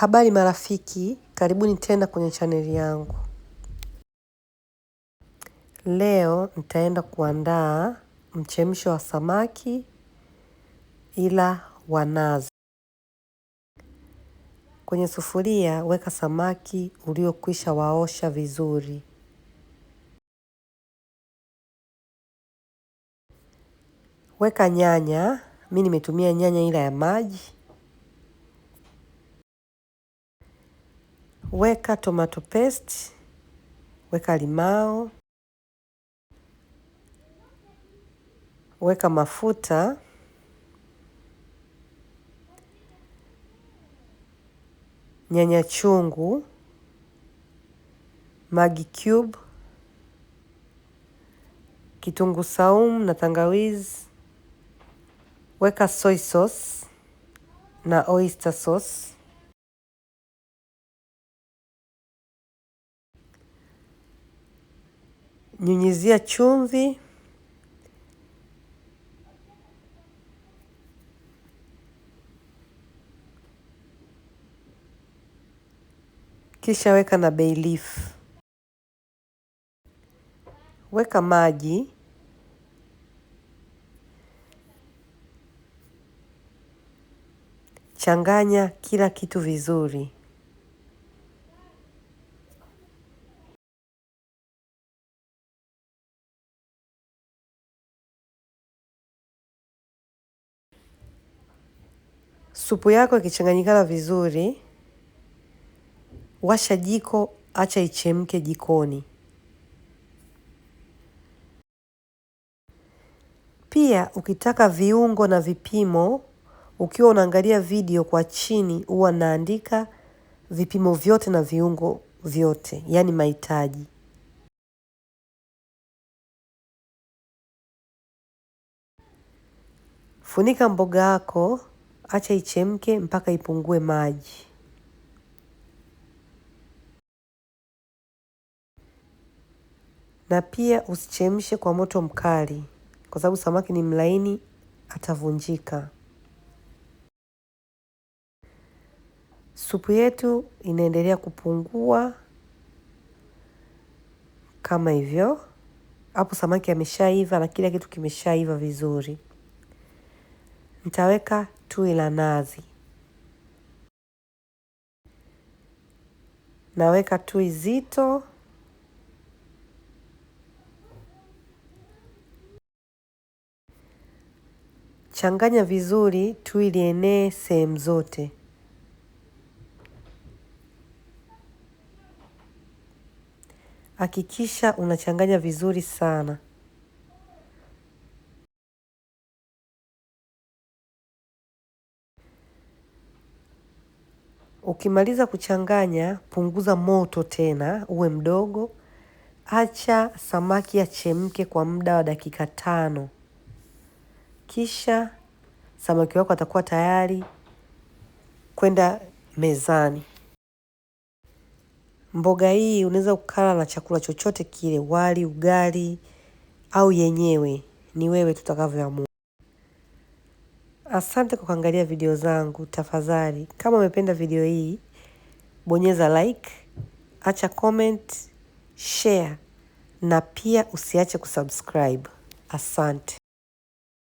Habari marafiki, karibuni tena kwenye chaneli yangu. Leo nitaenda kuandaa mchemsho wa samaki ila wa nazi. Kwenye sufuria weka samaki uliokwisha waosha vizuri. Weka nyanya, mi nimetumia nyanya ila ya maji weka tomato paste, weka limao, weka mafuta, nyanya chungu, magi cube, kitungu saumu na tangawizi. Weka soy sauce na oyster sauce. nyunyizia chumvi kisha weka na bay leaf. Weka maji changanya kila kitu vizuri. Supu yako ikichanganyikana vizuri, washa jiko, acha ichemke jikoni. Pia ukitaka viungo na vipimo, ukiwa unaangalia video kwa chini, huwa naandika vipimo vyote na viungo vyote, yaani mahitaji. Funika mboga yako acha ichemke mpaka ipungue maji. Na pia usichemshe kwa moto mkali, kwa sababu samaki ni mlaini, atavunjika. Supu yetu inaendelea kupungua kama hivyo. Hapo samaki ameshaiva na kila kitu kimeshaiva vizuri. Nitaweka tui la nazi. Naweka tui zito Changanya vizuri tui lienee sehemu zote. Hakikisha unachanganya vizuri sana. Ukimaliza kuchanganya, punguza moto tena uwe mdogo. Acha samaki achemke kwa muda wa dakika tano, kisha samaki wako atakuwa tayari kwenda mezani. Mboga hii unaweza kukala na chakula chochote kile, wali, ugali au yenyewe, ni wewe tutakavyoamua. Asante kwa kuangalia video zangu. Tafadhali, kama umependa video hii, bonyeza like, acha comment, share na pia usiache kusubscribe. Asante.